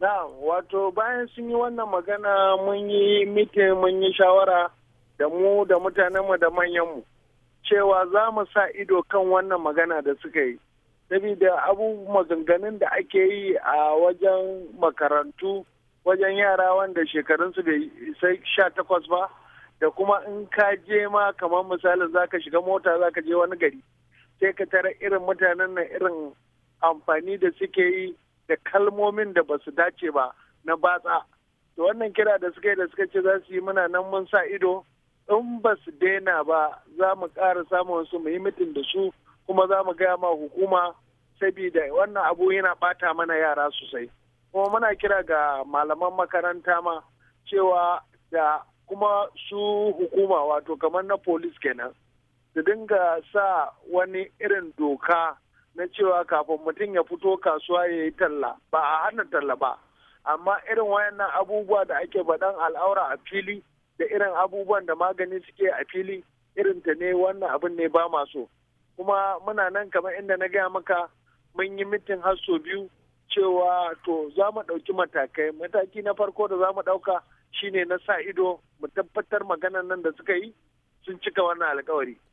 na wato bayan sun yi wannan magana mun yi mitin mun yi shawara da mu da mutanenmu da manyanmu cewa za mu sa ido kan wannan magana da suka yi saboda abubuwan maganganun da ake yi a wajen makarantu wajen yara wanda shekarunsu bai sai sha takwas ba da kuma in ka je ma kamar misalin za ka shiga mota za ka je wani gari sai ka tara irin mutanen nan irin amfani da suke yi da kalmomin da ba su dace ba na batsa da wannan kira da suka yi da suka ce za su yi muna nan mun sa ido in ba su daina ba za mu ƙara samun su mu yi da su kuma za mu gaya ma hukuma sabida wannan abu yana ɓata mana yara sosai kuma muna kira ga malaman makaranta ma cewa da kuma su hukuma wato kamar na polis kenan su dinga sa wani irin doka na cewa kafin mutum ya fito kasuwa ya yi talla ba a hana talla ba amma irin wayannan abubuwa da ake faɗan al'aura a fili da irin abubuwan da magani suke a fili irin ta ne wannan abin ne ba maso kuma muna nan kamar inda na gaya maka mun yi mitin har sau biyu cewa to za mu ɗauki matakai mataki na farko da za mu ɗauka shine na sa ido mu tabbatar maganan nan da suka yi sun cika wannan alkawari